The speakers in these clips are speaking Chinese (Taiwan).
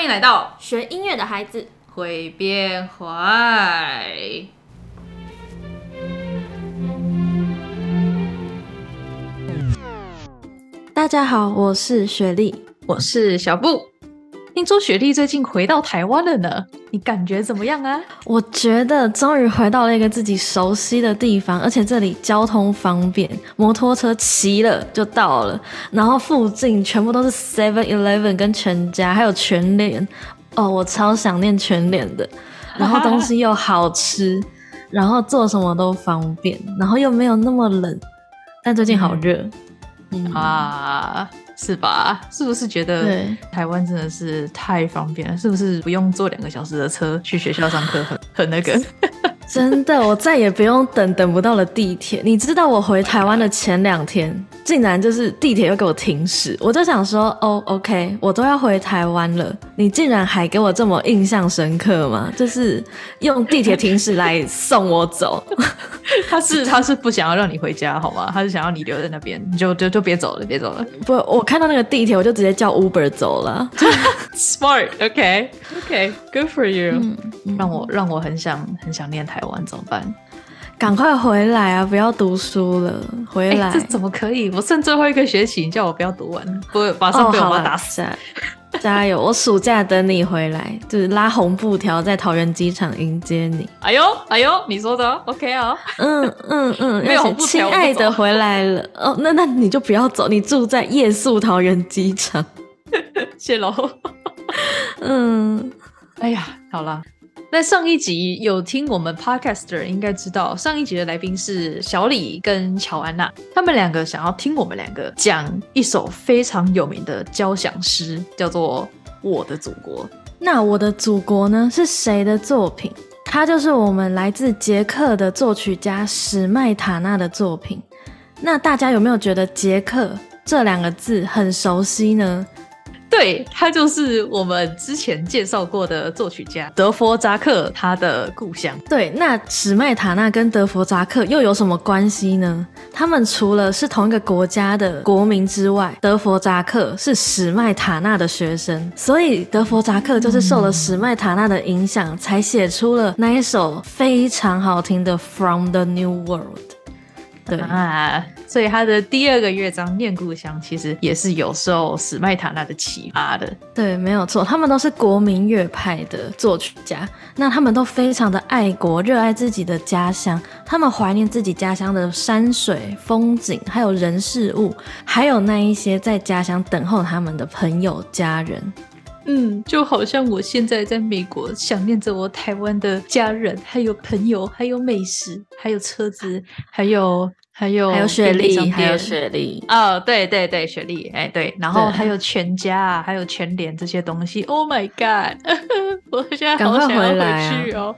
歡迎來到學音樂的孩子會變壞。大家好，我是雪莉，我是小布。聽說雪莉最近回到台灣了呢，你感覺怎麼樣啊？我覺得終於回到了一個自己熟悉的地方，而且這裡交通方便，摩托車騎了就到了。然後附近全部都是 Seven Eleven、跟全家，還有全聯哦，我超想念全聯的。然後東西又好吃，啊，然後做什麼都方便，然後又沒有那麼冷。但最近好熱，嗯嗯、啊。是吧？是不是覺得台灣真的是太方便了？是不是不用坐兩個小時的車去學校上課，很、很那個？ 真的，我再也不用等等不到的地鐵。你知道我回台灣的前兩天。竟然就是地鐵又給我停駛，我就想說，哦，OK，我都要回台灣了，你竟然還給我這麼印象深刻嗎？就是用地鐵停駛來送我走， 他是他是不想要讓你回家，好嗎？他是想要你留在那邊，你就就就別走了，別走了。不，我看到那個地鐵，我就直接叫 Uber 走了 ，Smart，OK，OK，Good okay. Okay. for you，、嗯嗯、讓我讓我很想很想念台灣，怎麼辦？趕快回來啊！不要讀書了，回來，欸。這怎麼可以？我剩最後一個學期，你叫我不要讀完，不會馬上被我媽打死，哦啊。加油！ 我暑假等你回來，就是拉紅布條在桃園機場迎接你。哎呦哎呦，你說的 OK 啊？嗯嗯嗯，嗯 沒有紅布條。親愛的，回來了 哦。那那你就不要走，你住在夜宿桃園機場。 謝嘍了。 嗯。哎呀，好了。那上一集有聽我們 podcast 的人應該知道，上一集的來賓是小李跟喬安娜，他們兩個想要聽我們兩個講一首非常有名的交響詩，叫做《我的祖國》。那《我的祖國》呢，是誰的作品？它就是我們來自捷克的作曲家史麥塔納的作品。那大家有沒有覺得“捷克”這兩個字很熟悉呢？對，他就是我們之前介紹過的作曲家德弗扎克，他的故鄉。對，那史麥塔納跟德弗扎克又有什麼關係呢？他們除了是同一個國家的國民之外，德弗扎克是史麥塔納的學生，所以德弗扎克就是受了史麥塔納的影響、嗯，才寫出了那一首非常好聽的《From the New World》。對啊，所以他的第二個樂章《念故鄉》其實也是有受史麥塔納的啟發的。對，沒有錯，他們都是國民樂派的作曲家。那他們都非常的愛國，熱愛自己的家鄉，他們懷念自己家鄉的山水風景，還有人事物，還有那一些在家鄉等候他們的朋友家人。嗯，就好像我現在在美國，想念着我台灣的家人，還有朋友，還有美食，還有車子，啊、還有。還有還有雪莉，還有雪莉哦對，對對對，雪莉，哎、欸、對，然後還有全家、啊，還有全聯這些東西。Oh my god！呵呵我現在趕、喔、快回來去、啊、哦。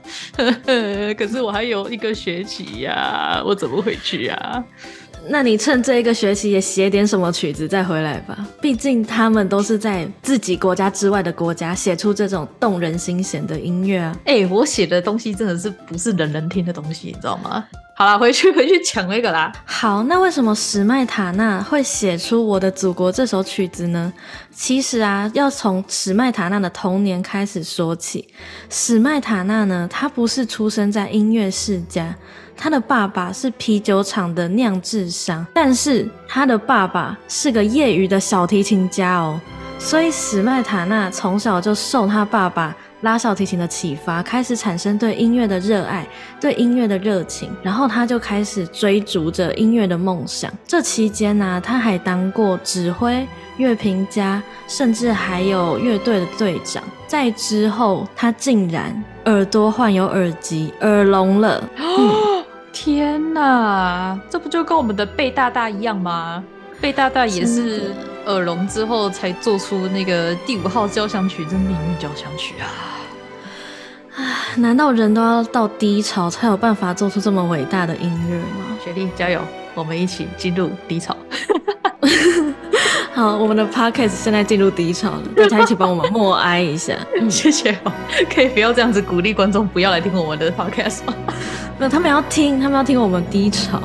可是我還有一個學期呀、啊，我怎麼回去啊？ 那你趁這一個學期也寫點什麼曲子再回來吧。畢竟他們都是在自己國家之外的國家寫出這種動人心弦的音樂啊。哎、欸，我寫的東西真的是不是人人聽的東西，你知道嗎？好了，回去回去搶那個啦。好，那為什麼史麥塔納會寫出《我的祖國》這首曲子呢？其實啊，要從史麥塔納的童年開始說起。史麥塔納呢，他不是出生在音樂世家，他的爸爸是啤酒廠的釀製商，但是他的爸爸是個業餘的小提琴家哦，所以史麥塔納從小就受他爸爸拉小提琴的啟發，開始產生對音樂的熱愛，對音樂的熱情，然後他就開始追逐着音樂的夢想。這期間呢、啊，他還當過指揮、樂評家，甚至還有樂隊的隊長。在之後，他竟然耳朵患有耳疾，耳聾了、嗯。天哪，這不就跟我們的貝大大一樣嗎？貝大大也是。嗯耳聾之後才做出那個第五號交響曲，真命運交響曲啊！難道人都要到低潮才有辦法做出這麼偉大的音樂嗎？雪莉加油，我們一起進入低潮。 好，我們的 podcast 現在進入低潮了， 大家一起幫我們默哀一下，嗯。謝謝哦，可以不要這樣子鼓勵觀眾不要來聽我們的 podcast 嗎？那 他們要聽，他們要聽我們低潮。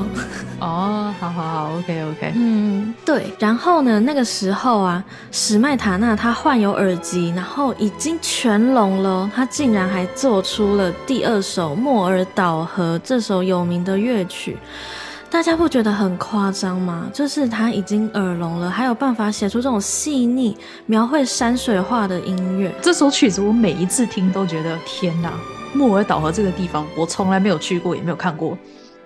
哦，好好好，OK OK，嗯，對。然後呢，那個時候啊，史麥塔納他患有耳疾，然後已經全聾了，他竟然還做出了第二首《莫爾島河》這首有名的樂曲，大家不覺得很誇張嗎？就是他已經耳聾了，還有辦法寫出這種細膩描繪山水畫的音樂。這首曲子我每一次聽都覺得，天哪，《莫爾島河》這個地方我從來沒有去過，也沒有看過。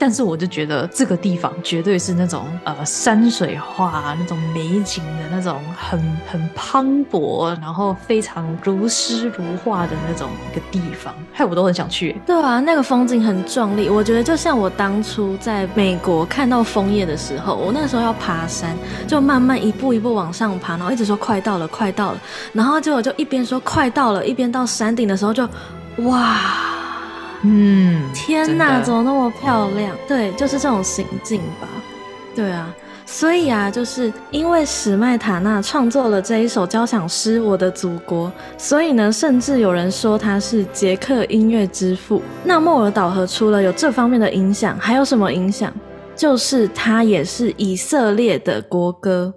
但是我就覺得這個地方絕對是那種呃山水畫那種美景的那種很很磅礴，然後非常如詩如畫的那種一個地方，害我都很想去欸。對啊，那個風景很壯麗，我覺得就像我當初在美國看到楓葉的時候，我那時候要爬山，就慢慢一步一步往上爬，然後一直說快到了，快到了，然後結果就一邊說快到了，一邊到山頂的時候就哇。嗯，天吶，怎麼那麼漂亮？對，就是這種行徑吧。對啊，所以啊，就是因為史麥塔納創作了這一首交響詩《我的祖國》，所以呢，甚至有人說他是捷克音樂之父。那莫爾島河除了有這方面的影響，還有什麼影響？就是他也是以色列的國歌。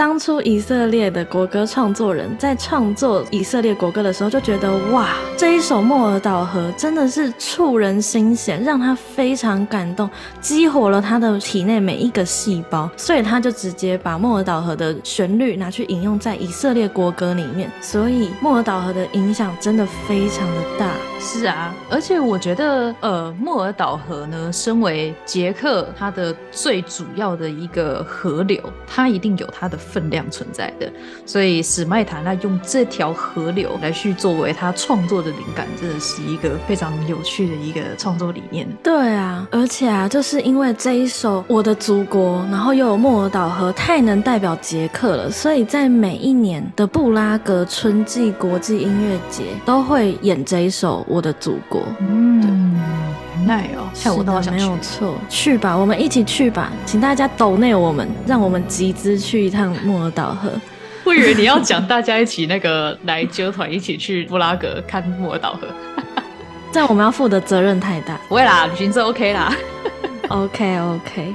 當初以色列的國歌創作人在創作以色列國歌的時候，就覺得哇，這一首莫爾島河真的是觸人心弦，讓他非常感動，激活了他的體內每一個細胞，所以他就直接把莫爾島河的旋律拿去引用在以色列國歌裡面。所以莫爾島河的影響真的非常的大。是啊，而且我覺得，呃，莫爾島河呢，身為捷克它的最主要的一個河流，它一定有它的風分量存在的，所以史麥塔納用這條河流來去作為他創作的靈感，真的是一個非常有趣的一個創作理念。對啊，而且啊，就是因為這一首《我的祖國》，然後又有莫爾島河，太能代表捷克了，所以在每一年的布拉格春季國際音樂節都會演這一首《我的祖國》。嗯。對哎呦，我沒有錯，去吧，我們一起去吧，請大家抖內我們，讓我們集資去一趟莫爾島河。 我以為你要講大家一起那個 來揪團一起去布拉格看莫爾島河， 但我們要負的責任太大， 不會啦，旅行社 OK 啦。 OK OK，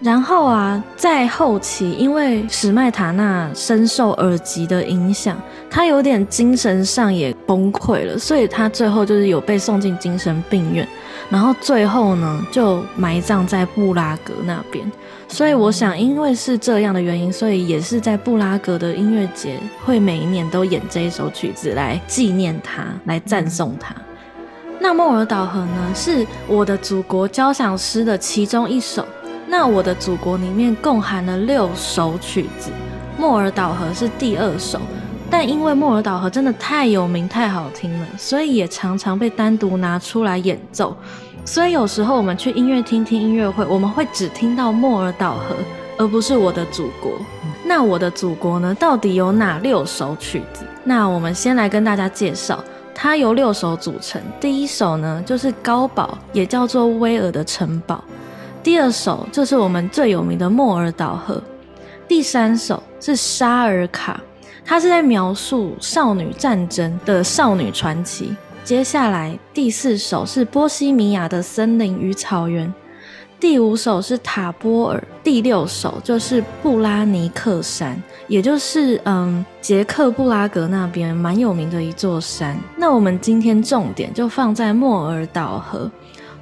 然後啊，在後期，因為史麥塔納深受耳疾的影響，他有點精神上也崩潰了，所以他最後就是有被送進精神病院。然後最後呢，就埋葬在布拉格那邊。所以我想，因為是這樣的原因，所以也是在布拉格的音樂節會每一年都演這一首曲子來紀念他，來讚頌他。那《莫爾島河》呢，是我的祖國交響詩的其中一首。那《我的祖國》裡面共含了六首曲子，《莫爾島河》是第二首。但因為《莫爾島河》真的太有名、太好聽了，所以也常常被單獨拿出來演奏。所以有時候我們去音樂廳聽聽音樂會，我們會只聽到《莫爾島河》，而不是《我的祖國》。那《我的祖國》呢？到底有哪六首曲子？那我們先來跟大家介紹，它由六首組成。第一首呢，就是高堡，也叫做《威爾的城堡》。第二首就是我們最有名的《莫爾島河》。第三首是《沙爾卡》。它是在描述少女戰爭的少女傳奇。接下來第四首是波西米亞的森林與草原，第五首是塔波爾，第六首就是布拉尼克山，也就是嗯捷克布拉格那邊蠻有名的一座山。那我們今天重點就放在莫爾島河。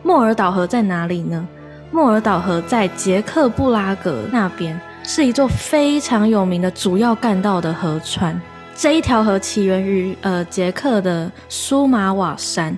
莫爾島河在哪裡呢？莫爾島河在捷克布拉格那邊。是一座非常有名的主要幹道的河川。這一條河起源於呃，捷克的蘇馬瓦山，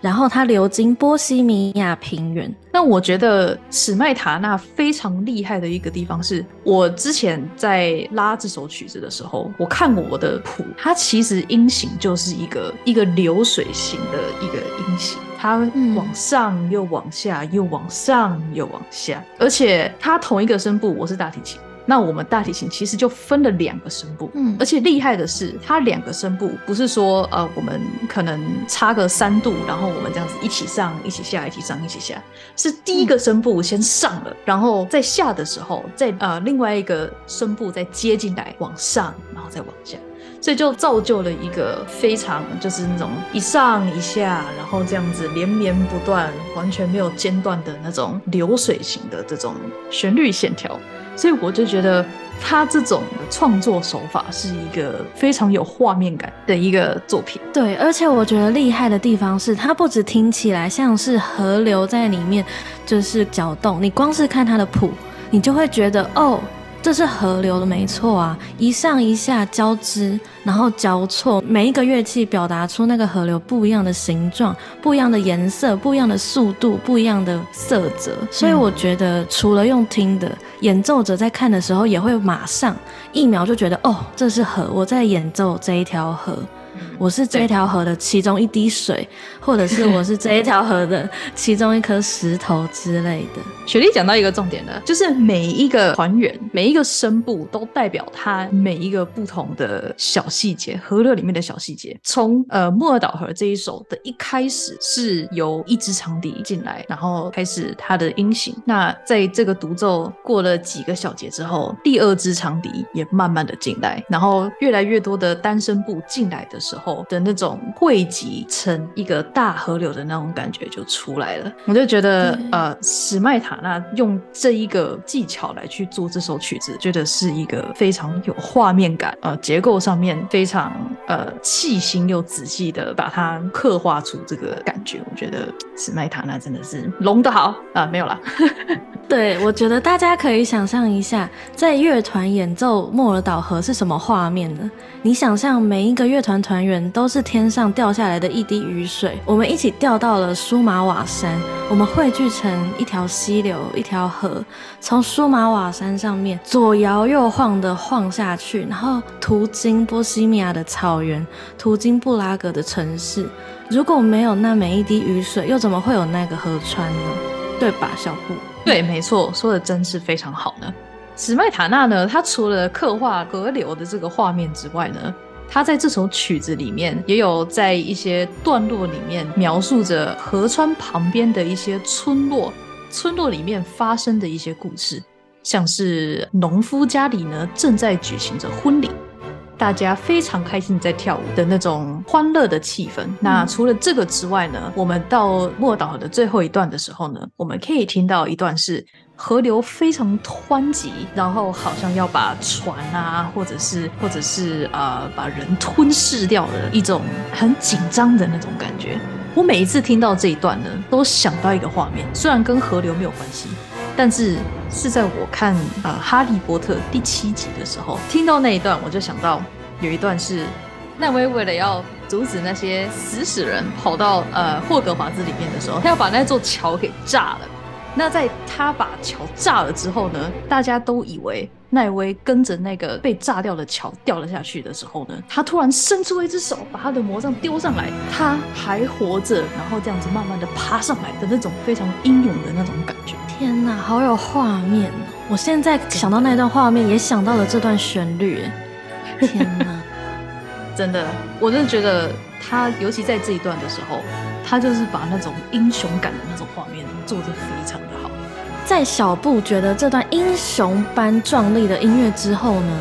然後它流經波西米亞平原。那我覺得史麥塔納非常厲害的一個地方是，我之前在拉這首曲子的時候，我看過我的譜，它其實音型就是一個一個流水型的一個音型，它往上又往下，又往上又往下，而且它同一個聲部，我是大提琴。那我們大提琴其實就分了兩個聲部，嗯，而且厲害的是，它兩個聲部不是說呃我們可能差個三度，然後我們這樣子一起上一起下一起上一起下，是第一個聲部先上了，嗯，然後在下的時候，再呃另外一個聲部再接進來往上，然後再往下，所以就造就了一個非常就是那種一上一下，然後這樣子連綿不斷，完全沒有間斷的那種流水型的這種旋律線條。所以我就覺得他這種的創作手法是一個非常有畫面感的一個作品。對，而且我覺得厲害的地方是，它不止聽起來像是河流在裡面，就是攪動，你光是看它的譜，你就會覺得哦。這是河流的沒錯啊，一上一下交織，然後交錯，每一個樂器表達出那個河流不一樣的形狀、不一樣的顏色、不一樣的速度、不一樣的色澤。所以我覺得，除了用聽的，演奏者在看的時候也會馬上一秒就覺得，哦，這是河，我在演奏這一條河。我是這條河的其中一滴水，或者是我是這一條河的其中一顆石頭之類的。雪莉講到一個重點呢，就是每一個團員，每一個聲部都代表它每一個不同的小細節，河流裡面的小細節。從呃莫爾島河這一首的一開始是由一支長笛進來，然後開始它的音型。那在這個獨奏過了幾個小節之後，第二支長笛也慢慢的進來，然後越來越多的單聲部進來的時候。時候的那種匯集成一個大河流的那種感覺就出來了，我就覺得、嗯、呃，史麥塔納用這一個技巧來去做這首曲子，覺得是一個非常有畫面感，呃，結構上面非常呃細心又仔細的把它刻畫出這個感覺，我覺得史麥塔納真的是聾得好啊、呃，沒有了。 對，我覺得大家可以想象一下，在樂團演奏莫爾島河是什麼畫面呢？你想象每一個樂團團員都是天上掉下來的一滴雨水，我們一起掉到了舒馬瓦山，我們匯聚成一條溪流，一條河，從舒馬瓦山上面左搖右晃的晃下去，然後途經波西米亞的草原，途經布拉格的城市。如果沒有那每一滴雨水，又怎麼會有那個河川呢？對吧，小布？對，沒錯，說的真是非常好呢。史麥塔納呢，他除了刻畫河流的這個畫面之外呢，他在這首曲子裡面也有在一些段落裡面描述着河川旁邊的一些村落，村落裡面發生的一些故事，像是農夫家裡呢，正在舉行着婚禮。大家非常開心在跳舞的那種歡樂的氣氛。那除了這個之外呢，我們到莫島的最後一段的時候呢，我們可以聽到一段是河流非常湍急，然後好像要把船啊，或者是或者是呃，把人吞噬掉的一種很緊張的那種感覺。我每一次聽到這一段呢，都想到一個畫面，雖然跟河流沒有關係。但是是在我看啊、呃《哈利波特》第七集的時候，聽到那一段，我就想到有一段是奈威為了要阻止那些死死人跑到呃霍格華茲裡面的時候，他要把那座橋給炸了。那在他把橋炸了之後呢，大家都以為奈威跟着那個被炸掉的橋掉了下去的時候呢，他突然伸出一隻手，把他的魔杖丟上來，他還活着，然後這樣子慢慢的爬上來的那種非常英勇的那種感覺。天哪，好有畫面！我現在想到那一段畫面，也想到了這段旋律。天哪， 真的，我就覺得他，尤其在這一段的時候，他就是把那種英雄感的那種畫面做得非常的好。在小布覺得這段英雄般壯麗的音樂之後呢，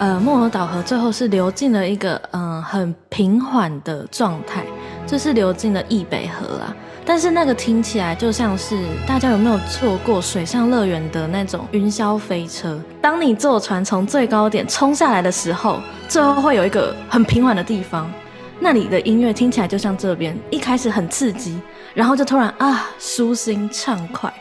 呃，莫爾島河最後是流進了一個嗯、呃、很平緩的狀態。這、就是流進了易北河啊，但是那個聽起來就像是大家有沒有坐過水上樂園的那種雲霄飛車？當你坐船從最高點衝下來的時候，最後會有一個很平緩的地方，那裡的音樂聽起來就像這邊一開始很刺激，然後就突然啊舒心暢快，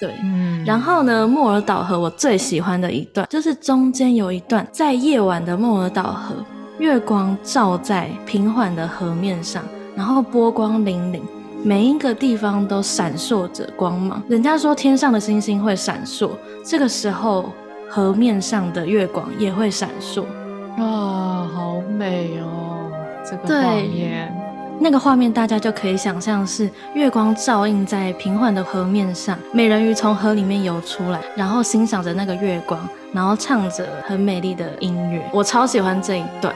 對，嗯，然後呢，莫爾島河我最喜歡的一段就是中間有一段在夜晚的莫爾島河，月光照在平緩的河面上。然後波光粼粼，每一個地方都閃爍着光芒。人家說天上的星星會閃爍，這個時候河面上的月光也會閃爍，啊！好美哦！這個畫面，對，那個畫面，大家就可以想象是月光照映在平緩的河面上，美人魚從河裡面游出來，然後欣賞着那個月光，然後唱着很美麗的音樂。我超喜歡這一段。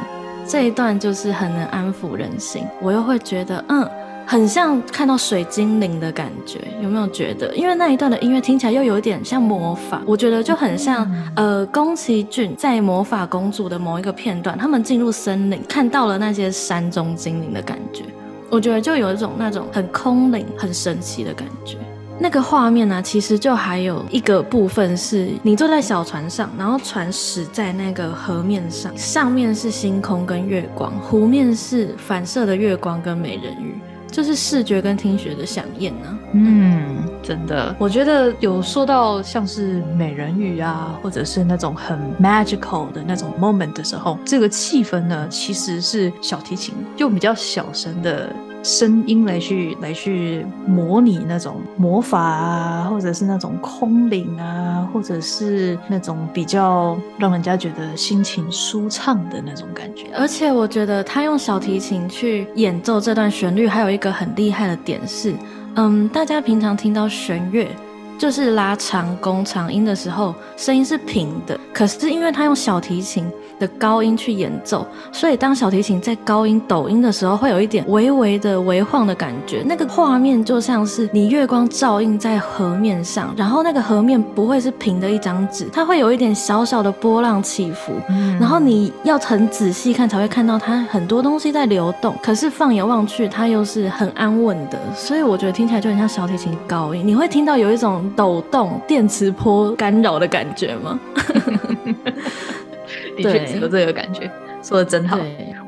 這一段就是很能安撫人心，我又會覺得，嗯，很像看到水精靈的感覺，有沒有覺得？因為那一段的音樂聽起來又有一點像魔法，我覺得就很像，呃，宮崎駿在《魔法公主》的某一個片段，他們進入森林，看到了那些山中精靈的感覺，我覺得就有一種那種很空靈、很神奇的感覺。那個畫面呢，其實就還有一個部分是你坐在小船上，然後船駛在那個河面上，上面是星空跟月光，湖面是反射的月光跟美人魚，就是視覺跟聽覺的響應呢。嗯，真的，我覺得有說到像是美人魚啊，或者是那種很 magical 的那種 moment 的時候，這個氣氛呢，其實是小提琴就比較小聲的。聲音來去來去模擬那種魔法啊，或者是那種空靈啊，或者是那種比較讓人家覺得心情舒暢的那種感覺。而且我覺得他用小提琴去演奏這段旋律，還有一個很厲害的點是，嗯，大家平常聽到弦樂。就是拉長弓長音的時候，聲音是平的。可是因為他用小提琴的高音去演奏，所以當小提琴在高音抖音的時候，會有一點微微的微晃的感覺。那個畫面就像是你月光照映在河面上，然後那個河面不會是平的一張紙，它會有一點小小的波浪起伏。嗯、然後你要很仔細看才會看到它很多東西在流動。可是放眼望去，它又是很安穩的。所以我覺得聽起來就很像小提琴高音，你會聽到有一種。抖動、電磁波干擾的感覺嗎？的確有這個感覺，說得真好。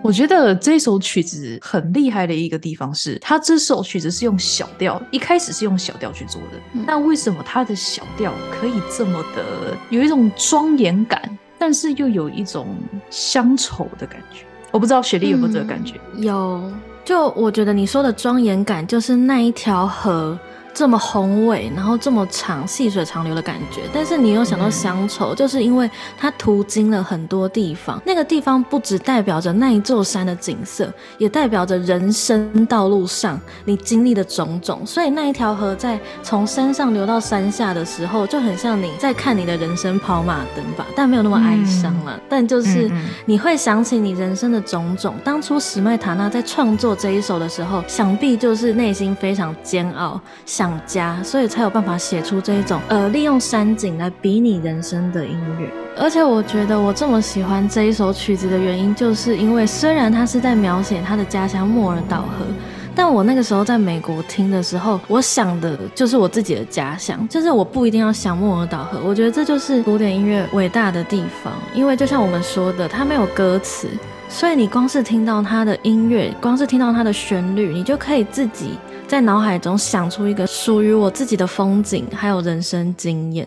我覺得這首曲子很厲害的一個地方是，它這首曲子是用小調，一開始是用小調去做的。嗯、那為什麼它的小調可以這麼的有一種莊嚴感，但是又有一種鄉愁的感覺？我不知道雪莉有沒有這個感覺。嗯、有，就我覺得你說的莊嚴感，就是那一條河，這麼宏偉，然後這麼長，細水長流的感覺。但是你又想到鄉愁，就是因為它途經了很多地方，嗯、那個地方不只代表着那一座山的景色，也代表着人生道路上你經歷的種種。所以那一條河在從山上流到山下的時候，就很像你在看你的人生跑馬燈吧，但沒有那麼哀傷了、啊嗯。但就是你會想起你人生的種種。嗯、當初史麥塔納在創作這一首的時候，想必就是內心非常煎熬，想。家，所以才有辦法寫出這一種呃，利用山景來比擬人生的音樂。而且我覺得我這麼喜歡這一首曲子的原因，就是因為雖然它是在描寫他的家鄉莫爾島河，但我那個時候在美國聽的時候，我想的就是我自己的家鄉。就是我不一定要想莫爾島河。我覺得這就是古典音樂偉大的地方，因為就像我們說的，它沒有歌詞，所以你光是聽到它的音樂，光是聽到它的旋律，你就可以自己。在腦海中想出一個屬於我自己的風景，還有人生經驗。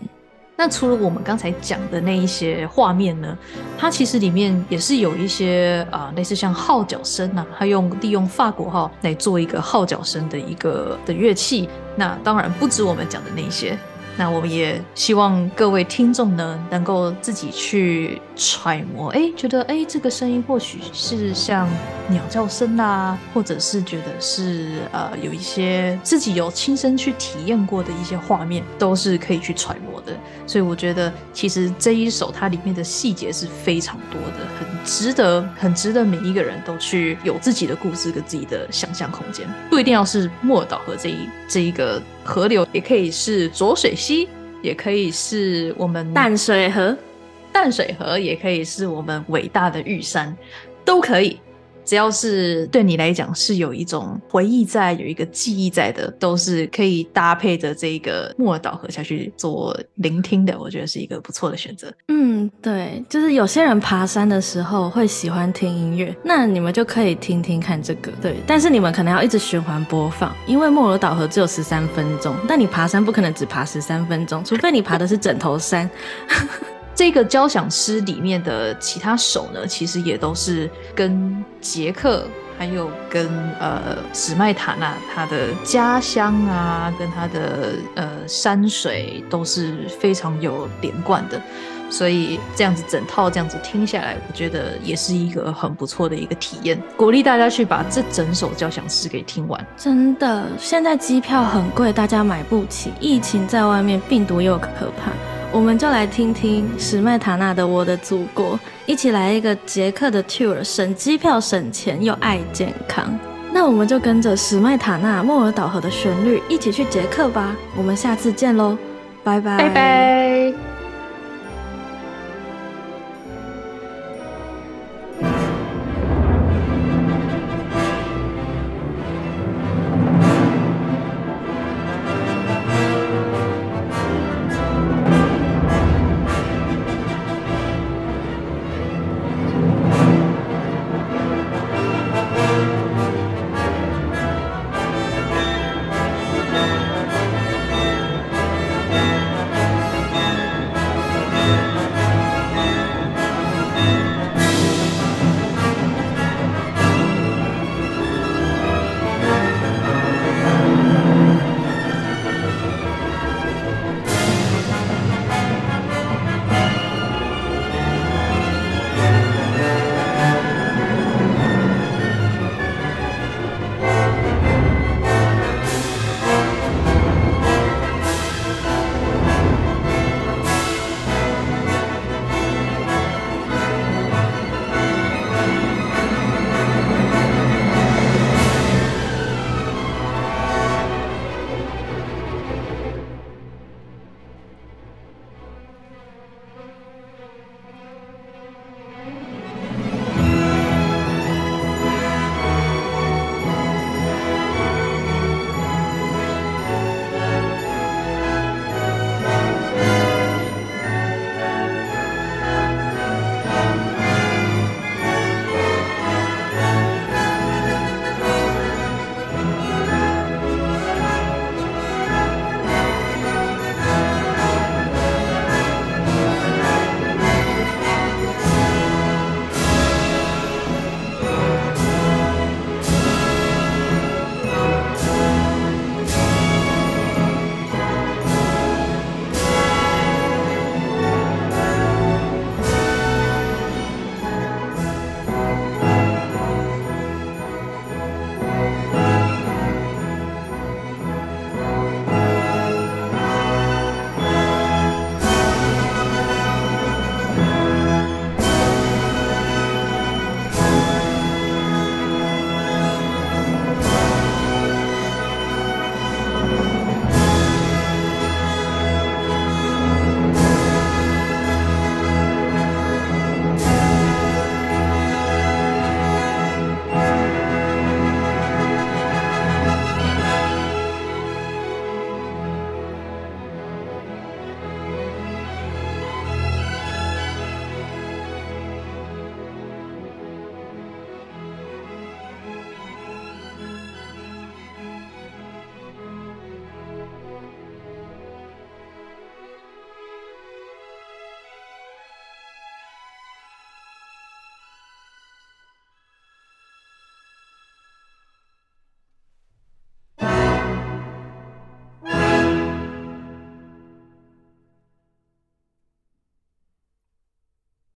那除了我們剛才講的那一些畫面呢，它其實裡面也是有一些啊、呃，類似像號角聲吶、啊，它用利用法國號來做一個號角聲的一個的樂器。那當然不止我們講的那一些。那我們也希望各位聽眾呢，能夠自己去揣摩，哎、欸，覺得哎、欸，這個聲音或許是像鳥叫聲啊，或者是覺得是呃，有一些自己有親身去體驗過的一些畫面，都是可以去揣摩的。所以我覺得，其實這一首它裡面的細節是非常多的，很值得，很值得每一個人都去有自己的故事跟自己的想象空間，不一定要是莫爾島河這一這一個。河流也可以是濁水溪，也可以是我們淡水河，淡水河也可以是我們偉大的玉山，都可以。只要是對你來講是有一種回憶在，有一個記憶在的，都是可以搭配着這個莫爾島河下去做聆聽的，我覺得是一個不錯的選擇。嗯，對，就是有些人爬山的時候會喜歡聽音樂，那你們就可以聽聽看這個。對，但是你們可能要一直循環播放，因為莫爾島河只有十三分鐘，但你爬山不可能只爬十三分鐘，除非你爬的是枕頭山。 這個交響詩裡面的其他首呢，其實也都是跟捷克，還有跟呃史麥塔納他的家鄉啊，跟他的呃山水都是非常有連貫的，所以這樣子整套這樣子聽下來，我覺得也是一個很不錯的一個體驗。鼓勵大家去把這整首交響詩給聽完。真的，現在機票很貴，大家買不起，疫情在外面，病毒又可怕。我們就來聽聽史麥塔納的《我的祖國》，一起來一個捷克的 tour，省機票省錢又愛健康。那我們就跟着史麥塔納《莫爾島河》的旋律一起去捷克吧！我們下次見嘍，拜拜！拜拜。